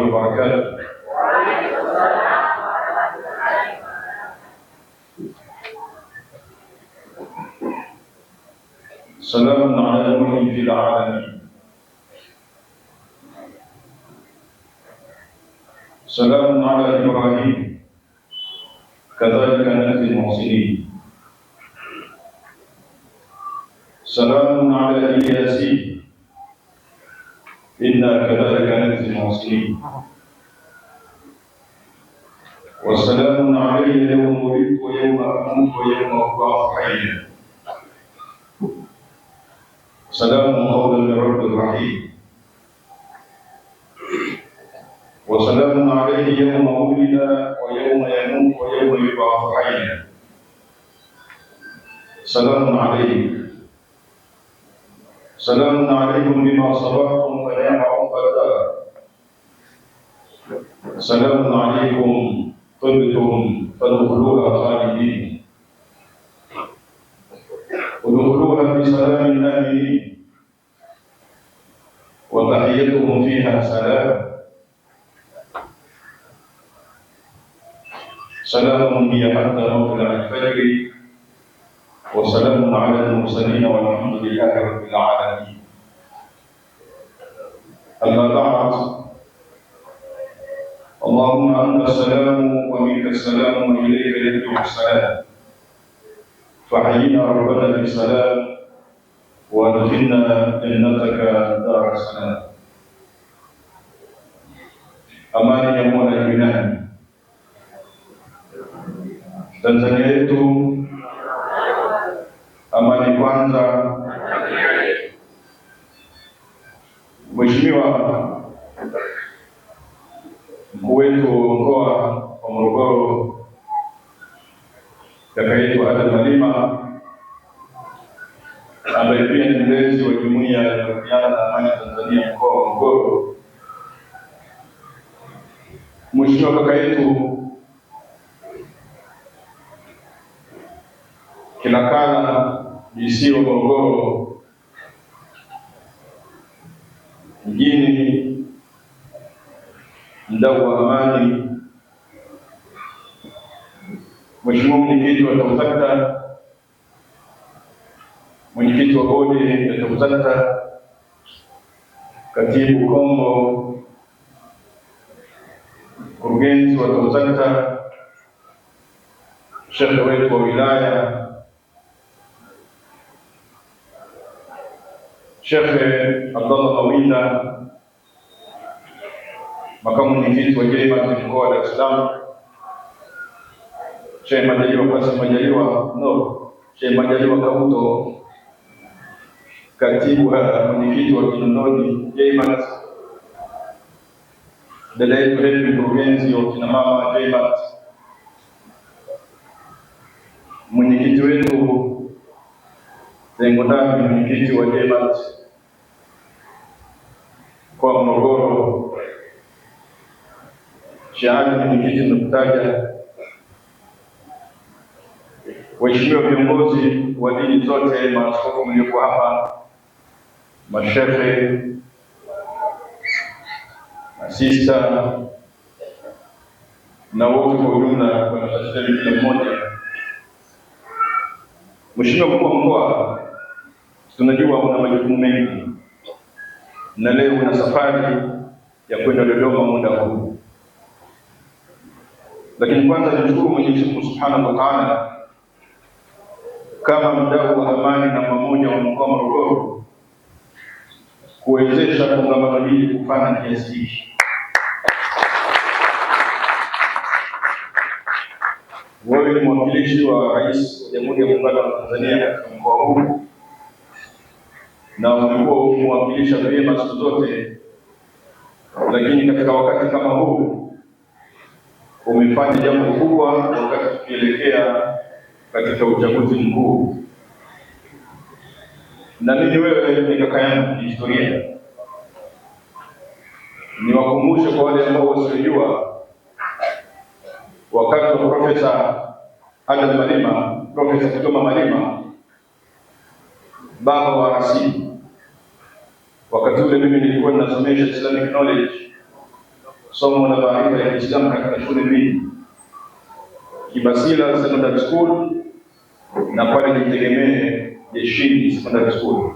الله وبركاته سلام على المؤمن في العالمين سلام على إبراهيم كذلك نأتي المحسنين سلام على الياسين إنا كذلك نجزي المحسنين وسلام علي يوم ولدت ويوم أموت ويوم أبعث حيا سلام قولا من رب الرحيم وسلام عليه يوم ولد ويوم يموت ويوم يبعث حيا سلام عليك سلام عليكم بما صبرتم ونعم عقباها سلام عليكم طبتم فادخلوها خالدين ادخلوها بسلام امنين وتحيتهم فيها سلام سلام هي حتى موت الفجر وسلام على المرسلين والحمد لله رب العالمين أما بعد اللهم أنت السلام ومنك السلام وإليك يرجع السلام فحيينا ربنا بالسلام وادخلنا جنتك دار السلام amani ya Mola juu Tanzania kwanza. Mheshimiwa mkuu wetu mkoa wa Morogoro kaka yetu Adam Malima ambaye pia ni mlezi wa Jumuiya ya Vijana na Amani Tanzania mkoa wa Morogoro, Mheshimiwa kaka yetu Kilakala isiyo Ngorongoro mjini, mdau wa amani, Mheshimiwa mwenyekiti wa TAUZACTA, mwenyekiti wa bodi ya TAUZACTA, katibu Kombo, mkurugenzi wa TAUZACTA, shehe wetu wa wilaya Shekhe Abdallah Mawinda, makamu mwenyekiti wa JMAT mkoa wa Dar es Salaam, Shehe Majaliwa Kasim Majaliwa no, Shehe Majaliwa Kauto, katibu wa mwenyekiti wa Kinondoni JMAT, dada yetu Heri, mkurugenzi wa kina mama JMAT, mwenyekiti wetu Zengo Ndami, mwenyekiti wa JMAT mkoa Morogoro, shahada kijiji nimekutaja. Waheshimiwa viongozi wa dini zote, maaskofu mlioko hapa, mashehe, masista na wote kwa ujumla, kila mmoja. Mheshimiwa mkuu wa mkoa, tunajua una majukumu mengi na leo una safari ya kwenda Dodoma muda huu, lakini kwanza tumshukuru Mwenyezi Mungu Subhanahu wa Ta'ala, kama mdau wa amani na mamoja wa mkoa wa Morogoro kuwezesha kongamano hili kufana kiasi hiki. Wewe ni mwakilishi wa Rais wa Jamhuri ya Muungano wa Tanzania katika mkoa huu na umekuwa kuwakilisha vyema siku zote, lakini katika wakati kama huu umefanya jambo kubwa, wakati tukielekea katika uchaguzi mkuu. Na mimi wewe ni kaka yangu kihistoria, niwakumbushe kwa wale ambao wasiojua, wakati wa Profesa Adam Malima, Profesa Kitoma Malima, baba wa rasimu Wakati ule mimi nilikuwa ninasomesha Islamic knowledge, somo la maarifa ya Kiislamu katika shule mbili, Kibasila Secondary School na pale Jitegemee Jeshini Secondary School.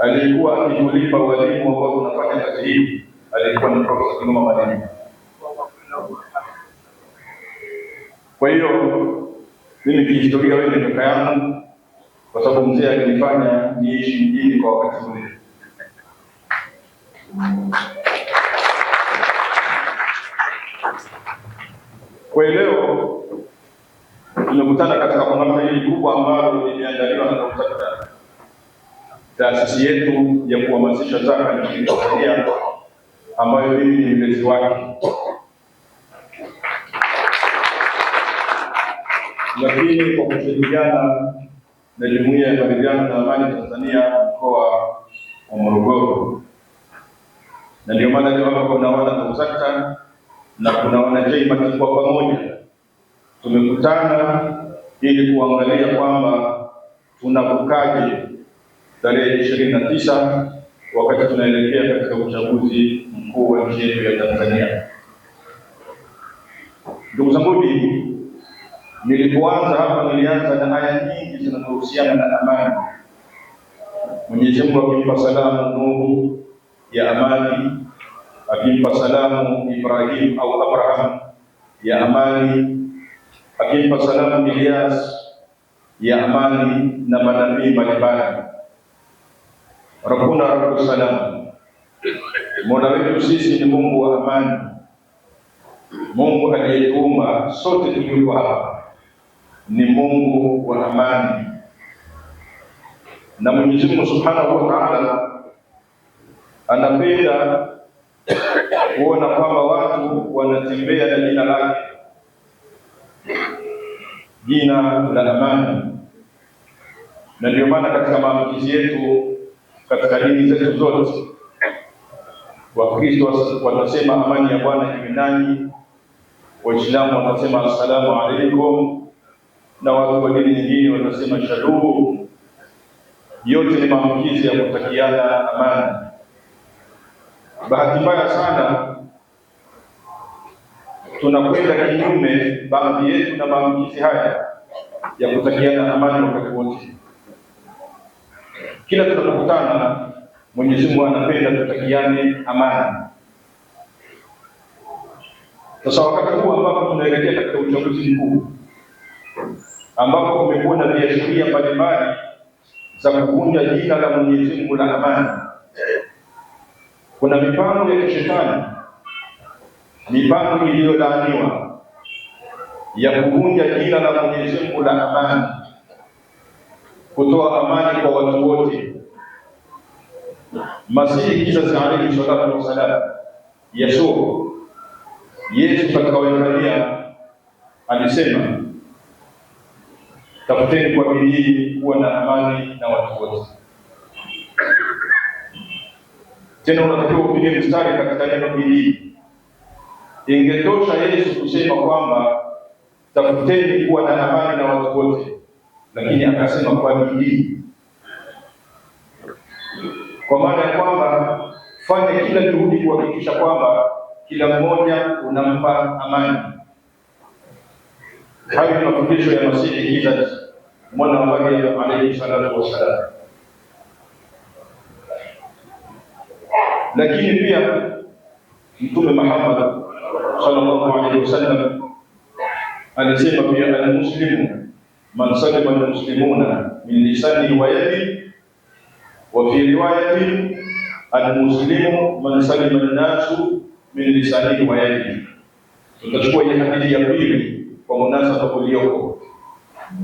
Alikuwa akitulipa walimu ambao tunafanya kazi hii, alikuwa ni Profesa Kigoma Madini. Kwa hiyo mimi kihistoria, wewe ni kaka yangu, kwa sababu mzee alinifanya niishi mjini kwa wakati ule kwa leo tumekutana katika kongamano hili kubwa ambalo limeandaliwa na TAKUKATA, taasisi yetu ya kuhamasisha zaka na kuzuia, ambayo mimi ni mlezi wake, lakini kwa kushirikiana na Jumuiya ya Maridhiano na Amani Tanzania mkoa wa Morogoro na ndio maana leo hapa kuna wana na kunaona wana kwa pamoja tumekutana ili kuangalia kwamba tunavukaje tarehe ishirini na tisa wakati tunaelekea katika uchaguzi mkuu wa nchi yetu ya Tanzania. Ndugu zangu, nilipoanza hapa nilianza na aya nyingi zinazohusiana na amani. Mwenyezi Mungu akimpa salamu Nuhu ya amali akimpa pasalamu Ibrahim au Abraham, ya amali akimpa pasalamu Ilyas, ya amali nama manabii mbalimbali. Rabbuna rabbu salamu, mola wetu sisi ni Mungu wa amani, Mungu aliyeumba sote tulio hapa ni Mungu wa amani, na Mwenyezi subhanahu wa taala anapenda kuona kwamba watu wanatembea na jina lake, jina la amani. Na ndio maana katika maamkizi yetu, katika dini zetu zote, Wakristo wanasema amani ya Bwana iwe nanyi, Waislamu wanasema assalamu alaikum, na watu wa dini nyingine wanasema shalom. Yote ni maamkizi ya kutakiana amani. Bahati mbaya sana tunakwenda kinyume, baadhi yetu na maamkizi haya ya kutakiana amani wakati wote. Kila tunapokutana, Mwenyezi Mungu anapenda tutakiane amani. Sasa wakati huu ambapo tunaelekea katika uchaguzi mkuu, ambapo kumekuwa na viashiria mbalimbali za kuvunja jina la Mwenyezi Mungu la amani kuna mipango ya kishetani, mipango iliyolaaniwa ya kuvunja jina la Mwenyezi Mungu la amani, kutoa amani kwa watu wote. Masihi kizazi alaihi salatu wassalam, Yesu Yesu katika Waebrania alisema, tafuteni kwa bidii kuwa na amani na watu wote Tena unatakiwa kupiga mstari katika neno hili. Ingetosha Yesu kusema kwamba tafuteni kuwa na amani na watu wote, lakini akasema kwa bidii, kwa maana ya kwamba fanya kila juhudi kuhakikisha kwamba kila mmoja unampa amani. Hayo ni mafundisho ya Masihi Isa mwana wa Maria alayhi salatu wassalam. Lakini pia Mtume Muhammad sallallahu alaihi wasallam alisema pia, almuslimu man salima almuslimuna min lisani wa yadi, wa fi riwayati almuslimu man salima annasu min lisani wa yadi. Tutachukua hii hadithi ya pili kwa munasaba ulioko,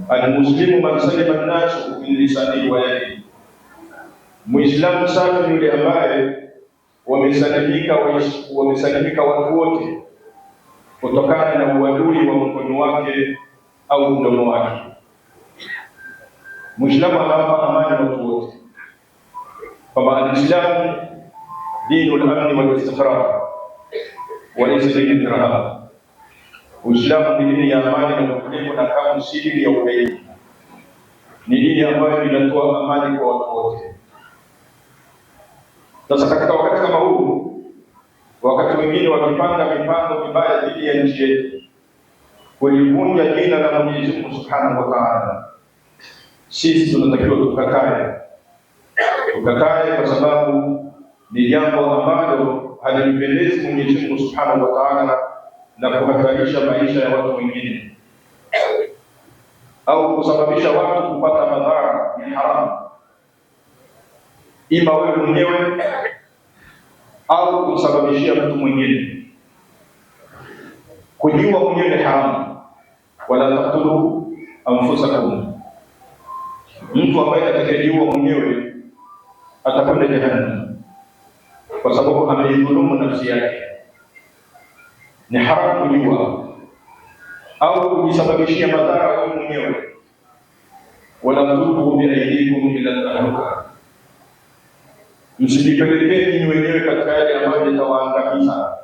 almuslimu man salima annasu min lisani wa yadi, muislamu safi yule ambaye wamesalimika wamesalimika watu wote kutokana na uadui wa mkono wake au mdomo wake. muislamu anawapa amani watu wote kwamba alislamu dinu lamni walistiqrar walaisaiiraa, Uislamu ni dini ya amani na utulivu, na kama siri ya ugaidi, ni dini ambayo inatoa amani kwa watu wote. Sasa katika wakati mwingine wakipanga mipango mibaya dhidi ya nchi yetu, kulivunja jina la Mwenyezi Mungu Subhanahu wa Ta'ala. Sisi tunatakiwa tukakae, tukakae kwa sababu ni jambo ambalo halimpendezi Mwenyezi Mungu Subhanahu wa Ta'ala na kuhatarisha maisha ya watu wengine au kusababisha watu kupata madhara ni haramu, ima wewe mwenyewe au kumsababishia mtu mwingine. kujua mwenyewe ni haramu, wala taktulu anfusakum. Mtu ambaye atakayejiua mwenyewe atakwenda jehanamu kwa sababu ameidhulumu nafsi yake. Ni haramu kujua au kujisababishia madhara wewe mwenyewe, wala tulqu biaidikum ila tahluka msijipelekeni wenyewe katika yale ambayo yatawaangamiza.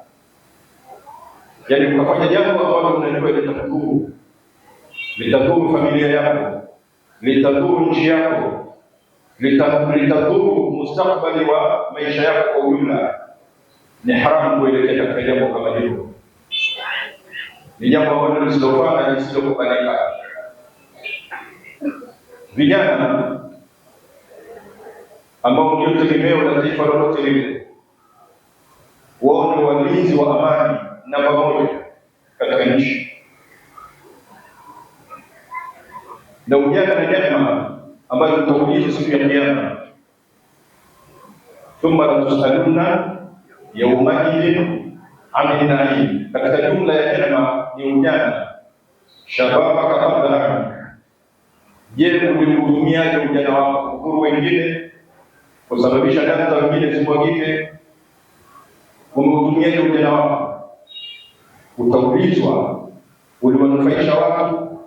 Yaani mkafanya jambo ambalo mnajua litadhuru, litadhuru familia yako, litadhuru nchi yako, litadhuru mustakbali wa maisha yako kwa ujumla. Ni haramu kuelekea katika jambo kama hilo, ni jambo ambalo lisilofaa na lisilokubalika. Vijana ambao ndio tegemeo la taifa lolote lile. Wao ni walinzi wa amani na pamoja katika nchi na ujana na neema ambayo tutaulizwa siku ya Kiyama, thumma latusaluna yaumaidin ani naim. Katika jumla ya neema ni ujana, shababaka kabla. Je, ulihudumiaje ujana wako? Uhuru wengine kusababisha damu za wengine zimwagike. Umeutumiaje ujana wako? Utaulizwa, uliwanufaisha watu?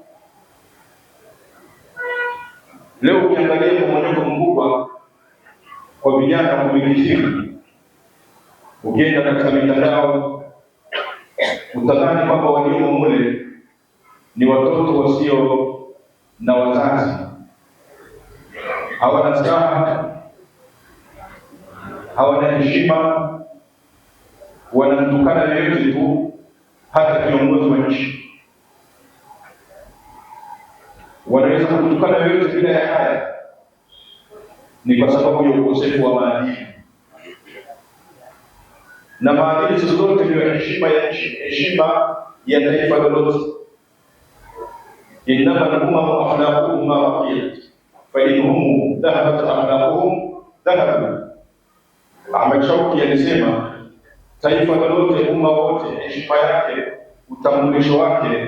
Leo ukiangalia mmonyoko mkubwa kwa vijana kumilizika, ukienda katika mitandao utadhani kwamba waliomo mule ni watoto wasio na wazazi, hawana staha hawana heshima, wanamtukana yeyote tu, hata kiongozi wa nchi wanaweza kumtukana yoyote bila ya haya. Ni kwa sababu ya ukosefu wa maadili, na maadili zozote ndio heshima ya nchi, heshima ya taifa lolote. Innama al-umamu akhlaquhum ma baqiyat fa in dhahabat akhlaquhum dhahabu Halmashauri alisema taifa lolote, umma wote, heshima yake, utambulisho wake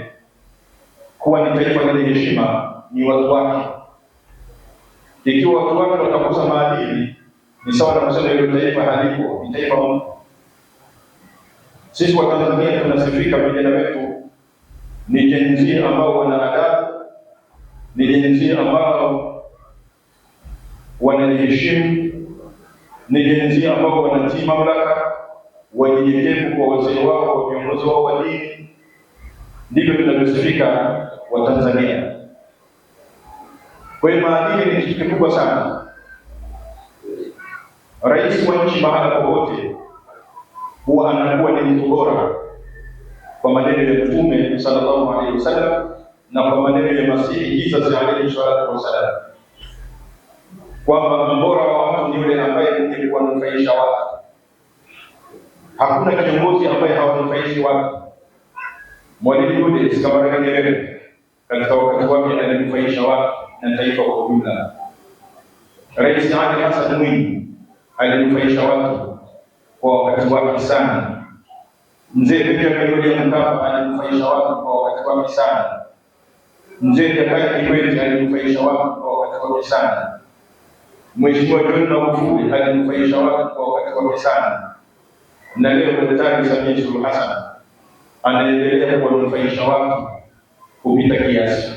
kuwa ni taifa lenye heshima ni watu wake. Ikiwa watu wake watakosa maadili, ni sawa na kusema hilo taifa halipo, ni taifa mtu. Sisi Watanzania tunasifika vijana wetu ni jenzi ambao wana adabu, ni jenzi ambao wanajiheshimu ni ambao wanatii mamlaka, wanyenyekevu kwa wazee wao, kwa viongozi wao wa dini. Ndivyo tunavyosifika tanzania Kwa hiyo maadili ni kitu kikubwa sana. Rais wa nchi mahala popote huwa anakuwa ni mtu bora kwa maneno ya Mtume sallallahu alaihi wasallam na kwa maneno ya Masihi Isa alayhi salatu wasallam kwamba mbora kiongozi yule ambaye ni kuwanufaisha watu. Hakuna kiongozi ambaye hawanufaishi watu. Mwalimu Julius Kambarage Nyerere katika wakati wake alinufaisha watu na taifa kwa ujumla. Rais Ali Hassan Mwinyi alinufaisha watu kwa wakati wake sana. Mzee Benjamin William Mkapa alinufaisha watu kwa wakati wake sana. Mzee Jakaya Kikwete alinufaisha watu kwa wakati wake sana. Mheshimiwa John Magufuli alinufaisha watu kwa wakati wake sana, na leo Daktari Samia Suluhu Hassan anaendelea kuwanufaisha watu kupita kiasi.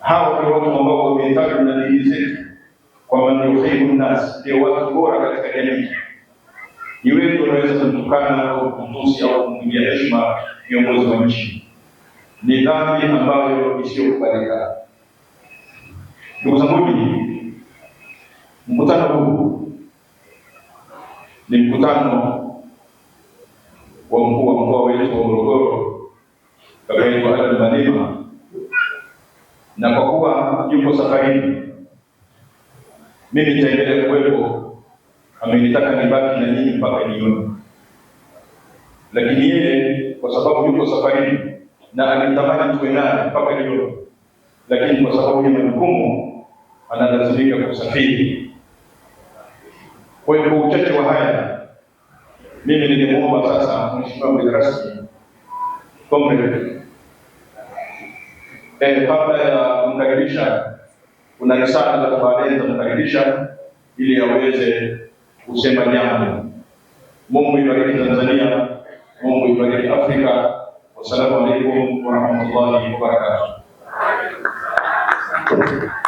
Hawa ni watu ambao wametajwa na dini zetu kwamba ndio khairu nnas, ndio watu bora katika jamii. Ni wewe unaweza kumtukana au kumtusi au kumwingia heshima viongozi wa nchi, ni dhambi ambayo isiyokubalika. Ndugu zangu Mkutano huu ni mkutano wa mkuu wa mkoa wetu wa Morogoro kaka yetu Adan Malima, na kwa kuwa yuko safarini, mimi nitaendelea kuwepo. Amenitaka nibaki na nyinyi mpaka jioni, lakini yeye kwa sababu yuko safarini na alitamani tuwe naye mpaka jioni, lakini kwa sababu ya majukumu analazimika kusafiri. Kwa hiyo kwa uchache wa haya, mimi ningemwomba sasa mheshimiwa mgeni rasmi kombe eh, kabla ya kumkaribisha, kuna risala za baadaye za kumkaribisha ili aweze kusema jambo. Mungu ibariki Tanzania, Mungu ibariki Afrika. Wassalamu alaikum warahmatullahi wabarakatuh.